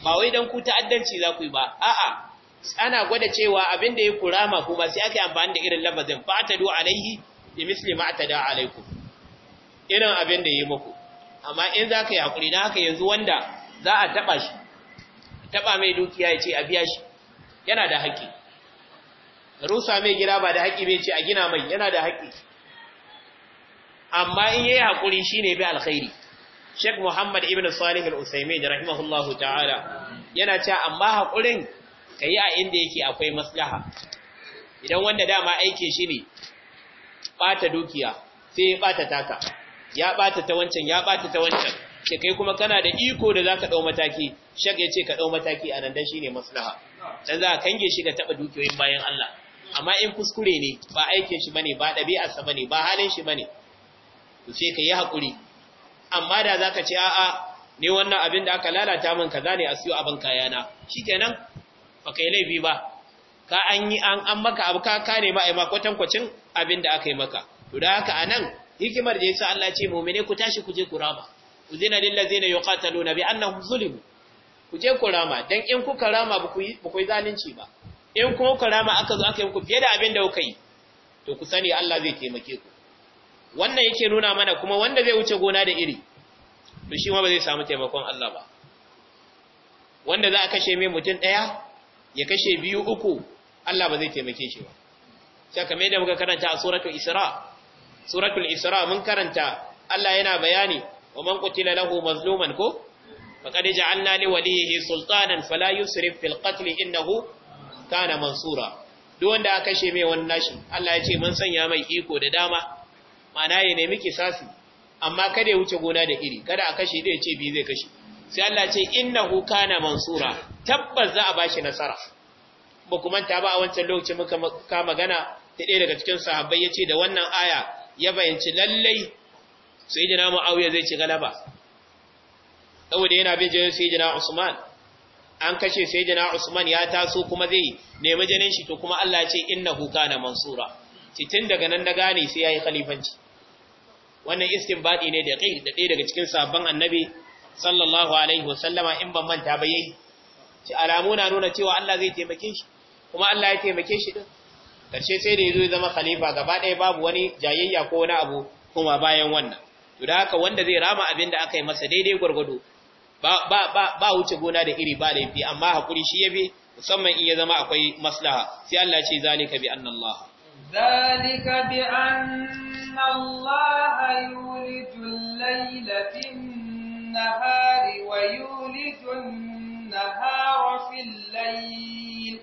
ba wai dan ku ta'addanci za ku yi ba a'a ana gwada cewa abin da ya kurama kuma sai aka yi amfani da irin lafazin fa'tadu alaihi bi misli ma ta da alaikum irin abin da ya yi muku amma in za ka yi hakuri na haka yanzu wanda za a taba shi taba mai dukiya ya ce a biya shi yana da haƙƙi rusa mai gida ba da haƙi bai ce a gina mai yana da haƙi amma in yayi hakuri shine bi alkhairi Sheikh Muhammad Ibn Salih Al-Utsaimin rahimahullahu ta'ala yana cewa amma hakurin kai a inda yake akwai maslaha idan wanda dama aikin shi ne bata dukiya sai ɓata taka ya bata ta wancan ya bata ta wancan ke kai kuma kana da iko da zaka dau mataki Sheikh yace ka ɗau mataki anan dan shine maslaha dan za ka kange shi ga taba dukiyoyin bayan Allah amma in kuskure ne ba aikin shi bane ba ɗabi'arsa bane ba halin shi bane to sai ka yi haƙuri amma da zaka ka ce a'a ne wannan abin da aka lalata min kaza ne a siyo abin kaya kayana shikenan ba kai laifi ba ka an yi an an maka abu ka kare ma ai ma kwacin abin da aka yi maka to da haka anan hikimar da yasa Allah ce mu'mine ku tashi ku je ku rama uzina lil ladzina yuqataluna bi annahum zulimu ku je ku rama dan in kuka rama ba ku yi zalunci ba in kuma ku rama aka zo aka yi muku fiye da abin da kuka yi to ku sani Allah zai taimake ku wannan yake nuna mana kuma wanda zai wuce gona da iri to shi ma ba zai samu taimakon Allah ba wanda za a kashe mai mutum ɗaya ya kashe biyu uku Allah ba zai taimake shi ba sai kamar yadda muka karanta a suratul isra suratul isra mun karanta Allah yana bayani wa man qutila lahu mazluman ko faqad ja'alna li walihi sultanan fala yusrif fil qatl innahu kana mansura duk wanda aka kashe mai wani nashi Allah ya ce mun sanya mai iko da dama mana ya nemi kisasi amma kada ya wuce gona da iri kada a kashe da ya ce bi zai kashe sai Allah ya ce innahu kana mansura tabbas za a bashi nasara ba kuma ta ba a wancan lokaci muka ka magana ta ɗaya daga cikin sahabbai ce da wannan aya ya bayanci lallai sayyidina Muawiya zai ci galaba saboda yana bin jinin sayyidina Usman an kashe sayyidina Usman ya taso kuma zai nemi jinin shi to kuma Allah ya ce innahu kana mansura titin daga nan na gane sai yayi khalifanci wannan istinbadi ne da kai da ɗaya daga cikin sabon annabi sallallahu alaihi wasallama in ban manta ba yayi ci alamu na nuna cewa Allah zai taimake shi kuma Allah ya taimake shi din karshe sai da yazo ya zama khalifa gaba ɗaya babu wani jayayya ko wani abu kuma bayan wannan to da haka wanda zai rama abin da aka yi masa daidai gwargwado ba ba ba, wuce gona da iri ba laifi amma hakuri shi yafi musamman in ya zama akwai maslaha sai Allah ce zalika bi anna Allah zalika bi anna Allah yulidu al-layla fi an-nahari wa yulidu an-nahara fi al-layl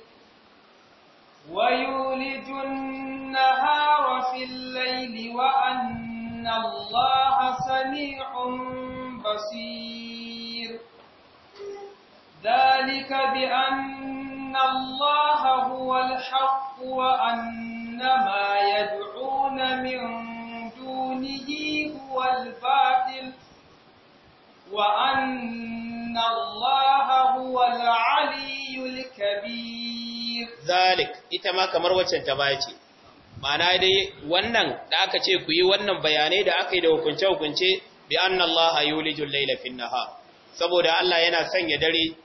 wa yulidu an-nahara fi al-layli wa anna Allah sami'un basir ذلك بأن الله هو الحق وأن ما يدعون من دونه هو الباطل وأن الله هو العلي الكبير ذلك إتما كمر وچن تبايتي ma'ana dai wannan da aka ce ku yi wannan bayanai da aka yi da hukunce-hukunce bi annallaha yulijul laila fin nahar saboda Allah yana sanya dare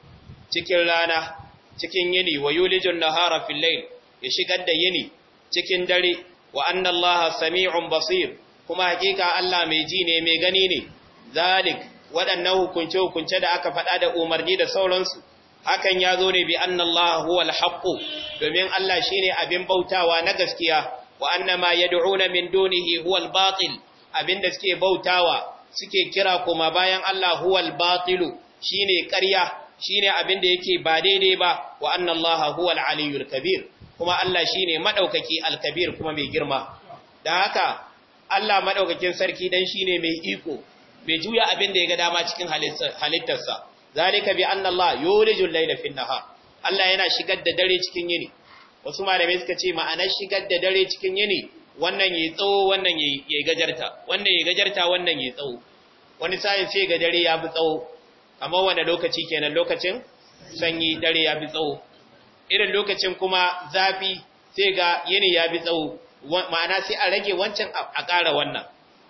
cikin rana cikin yini wa yulijun nahara fil layl ya shigar da yini cikin dare wa anna allaha sami'un basir kuma hakika Allah mai ji ne mai gani ne zalik waɗannan hukunce hukunce da aka faɗa da umarni da sauransu hakan ya zo ne bi anna huwal haqqu domin Allah shine abin bautawa na gaskiya wa anna ma yad'una min dunihi huwal batil abinda suke bautawa suke kira kuma bayan Allah huwal batilu shine ƙarya shine abin da yake ba daidai ba wa anna allaha huwal aliyyul kabir kuma Allah shine madaukaki al-kabir kuma mai girma Da haka Allah maɗaukakin sarki dan shine mai iko mai juya abin da ya ga dama cikin halittarsa zalika bi annallaha, allah yulijul layla fin nahar Allah yana shigar da dare cikin yini wasu malamai suka ce ma'anar shigar da dare cikin yini wannan yayi tsawo wannan yayi gajarta wannan yayi gajarta wannan yayi tsawo wani sai sai ga dare ya bi tsawo amma wanda lokaci kenan lokacin sanyi dare ya bi tsawo irin lokacin kuma zafi sai ga yini ya bi tsawo ma'ana sai a rage wancan a ƙara wannan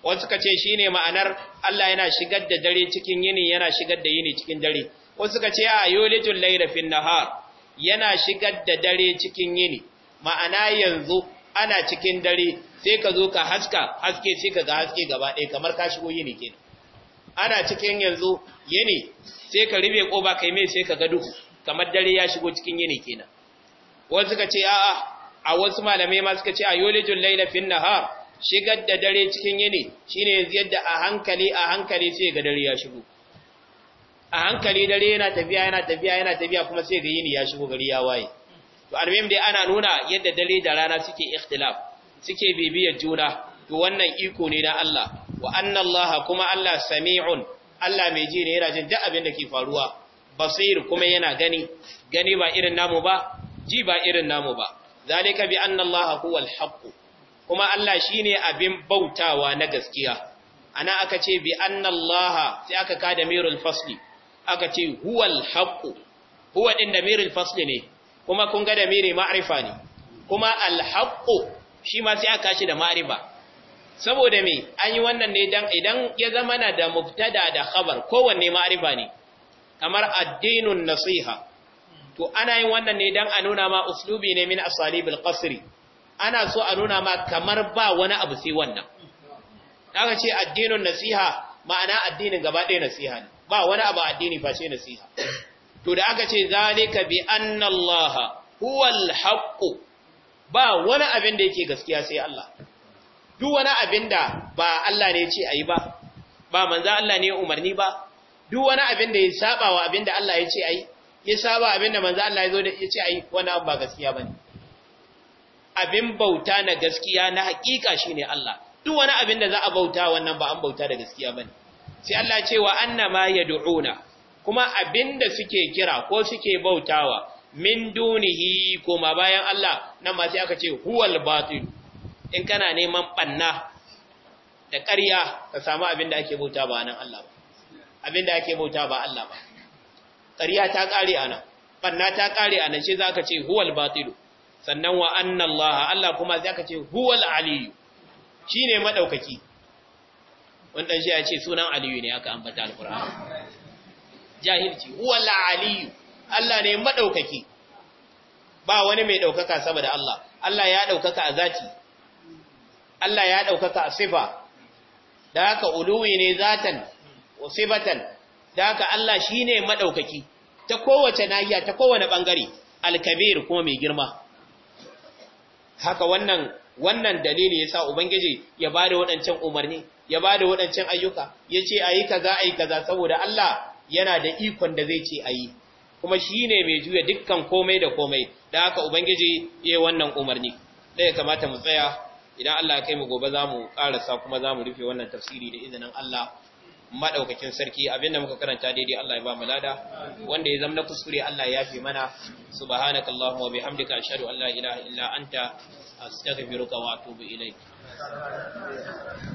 wasu ka ce shine ma'anar Allah yana shigar da dare cikin yini yana shigar da yini cikin dare wasu ka ce a yulijul Laira fin nahar yana shigar da dare cikin yini ma'ana yanzu ana cikin dare sai ka zo ka haska haske sai ka ga haske gaba ɗaya kamar ka shigo yini kenan ana cikin yanzu yini sai ka ribe koba kai mai sai ka ga duhu kamar dare ya shigo cikin yini kenan wasu suka ce a'a a wasu malamai ma suka ce a yulijul laila fin nahar shigar da dare cikin yini shine yanzu yadda a hankali a hankali sai ga dare ya shigo a hankali dare yana tafiya yana tafiya yana tafiya kuma sai ga yini ya shigo gari ya waye to almuhim dai ana nuna yadda dare da rana suke ikhtilaf suke bibiyar juna to wannan iko ne na Allah wa anna Allah kuma Allah sami'un Allah mai ji ne yana jin duk abin da ke faruwa basir kuma yana gani gani ba irin namu ba ji ba irin namu ba zalika bi anna Allah huwal haqq kuma Allah shine abin bautawa na gaskiya ana aka ce bi anna Allah sai aka ka da mirul fasli aka ce huwal haqq huwa din da mirul fasli ne kuma kun ga da miri ma'rifa ne kuma al haqq shi ma sai aka shi da ma'rifa saboda me an yi wannan ne dan idan ya zama na da mubtada da khabar kowanne ma'arifa ne kamar addinun nasiha to ana yin wannan ne dan a nuna ma uslubi ne min asalibil qasri ana so a nuna ma kamar ba wani abu sai wannan daga ce addinun nasiha ma'ana addinin gaba ɗaya nasiha ne ba wani abu addini sai nasiha to da aka ce zalika bi anna Allah huwal haqq ba wani abin da yake gaskiya sai Allah duk wani abin da ba Allah ne ce a yi ba ba manza Allah ne umarni ba duk wani abin da ya saba wa abin da Allah ya ce a yi ya saba abin da manzan Allah ya zo da ya ce a yi wani abu ba gaskiya ba ne abin bauta na gaskiya na hakika shi ne Allah duk wani abin da za a bauta wannan ba an bauta da gaskiya ba ne sai Allah ce wa ya yad'una kuma abin da suke kira ko suke bautawa min dunihi kuma bayan Allah nan ma sai aka ce huwal batilu. in kana neman banna da ƙarya ka samu abin da ake bauta ba nan Allah ba abin da ake bauta ba Allah ba ƙarya ta ƙare a nan banna ta ƙare a nan shi zaka ce huwal batilu sannan wa anna Allah Allah kuma zaka ce huwal aliyu shine madaukaki wanda shi ya ce sunan aliyu ne aka ambata alqur'ani jahilci huwal aliyu Allah ne madaukaki ba wani mai daukaka saboda Allah Allah ya daukaka a zati Allah ya ɗaukaka a sifa da haka uluwi ne zatan wa sifatan da haka Allah shi ne maɗaukaki, ta kowace nahiya ta kowane ɓangare, Alkabir, kuma mai girma haka wannan wannan dalili sa ubangiji ya ba da waɗancan umarni ya ba da waɗancan ayyuka Ya ce a ayi kaza ayi kaza saboda Allah yana da ikon da zai ce a yi. kuma shi ne mai juya dukkan komai da komai da haka ubangiji ya yi wannan umarni sai kamata mu tsaya idan Allah ya kai mu gobe za mu ƙarasa kuma za mu rufe wannan tafsiri da izinin Allah madaukakin sarki abinda muka karanta daidai Allah ya ba mu lada wanda ya zama kuskure Allah ya yafe mana subhanakallahumma wa bihamdika ashhadu an la ilaha illa anta astaghfiruka wa atubu ilaik